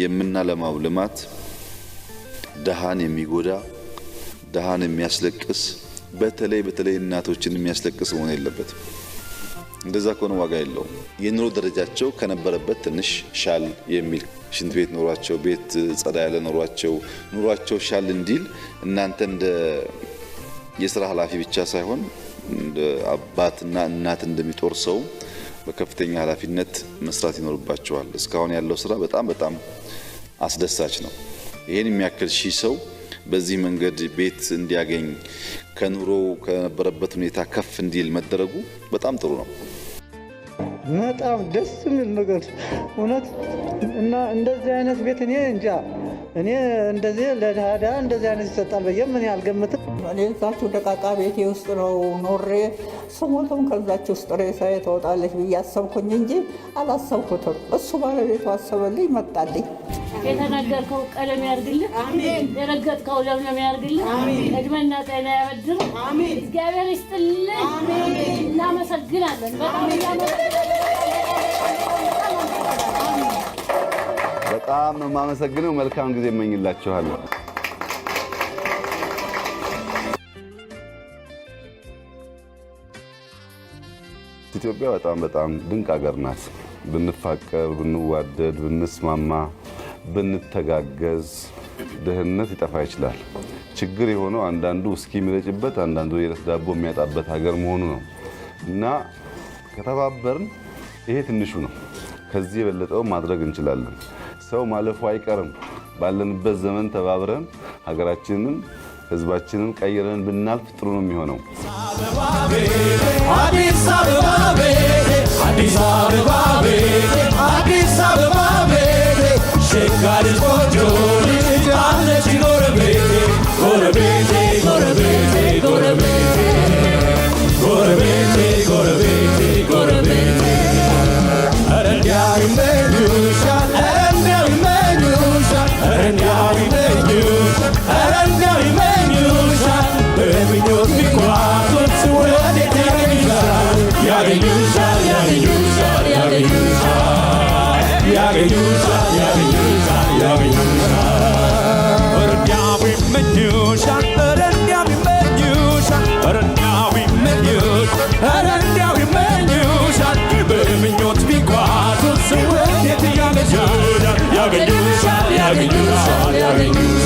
የምናለማው ልማት ድሃን የሚጎዳ ድሃን የሚያስለቅስ በተለይ በተለይ እናቶችን የሚያስለቅስ መሆን የለበትም። እንደዛ ከሆነ ዋጋ የለውም። የኑሮ ደረጃቸው ከነበረበት ትንሽ ሻል የሚል ሽንት ቤት ኖሯቸው ቤት ጸዳ ያለ ኖሯቸው ኑሯቸው ሻል እንዲል እናንተ እንደ የስራ ኃላፊ ብቻ ሳይሆን እንደ አባትና እናት እንደሚጦር ሰውም። በከፍተኛ ኃላፊነት መስራት ይኖርባቸዋል። እስካሁን ያለው ስራ በጣም በጣም አስደሳች ነው። ይህን የሚያክል ሺህ ሰው በዚህ መንገድ ቤት እንዲያገኝ ከኑሮው ከነበረበት ሁኔታ ከፍ እንዲል መደረጉ በጣም ጥሩ ነው። በጣም ደስ የሚል ነገር እውነት እና እንደዚህ አይነት ቤት እኔ እንጃ እኔ እንደዚህ ለዳዳ እንደዚህ አይነት ይሰጣል ብዬ ምን አልገምትም። እኔ እዛችሁ ደቃቃ ቤቴ ውስጥ ነው ኖሬ ስሞትም ከዛችሁ ውስጥ ሬሳ ትወጣለች ብዬ አሰብኩኝ እንጂ አላሰብኩትም። እሱ ባለቤቱ አሰበልኝ፣ መጣልኝ። የተነገርከው ቀለም ያርግልህ፣ የረገጥከው ለምለም ያርግልህ፣ እድሜና ጤና ያበድር። እግዚአብሔር ይስጥልህ። እናመሰግናለን በጣም በጣም የማመሰግነው። መልካም ጊዜ እመኝላችኋለሁ። ኢትዮጵያ በጣም በጣም ድንቅ ሀገር ናት። ብንፋቀር፣ ብንዋደድ፣ ብንስማማ፣ ብንተጋገዝ ድህነት ይጠፋ ይችላል። ችግር የሆነው አንዳንዱ ውስኪ የሚረጭበት፣ አንዳንዱ የረስ ዳቦ የሚያጣበት ሀገር መሆኑ ነው እና ከተባበርን፣ ይሄ ትንሹ ነው። ከዚህ የበለጠው ማድረግ እንችላለን። ሰው ማለፉ አይቀርም። ባለንበት ዘመን ተባብረን ሀገራችንን ህዝባችንን ቀይረን ብናልፍ ጥሩ ነው የሚሆነው። Gotta be, gotta be, ያገኙሻል ያገኙሻል ያገኙሻል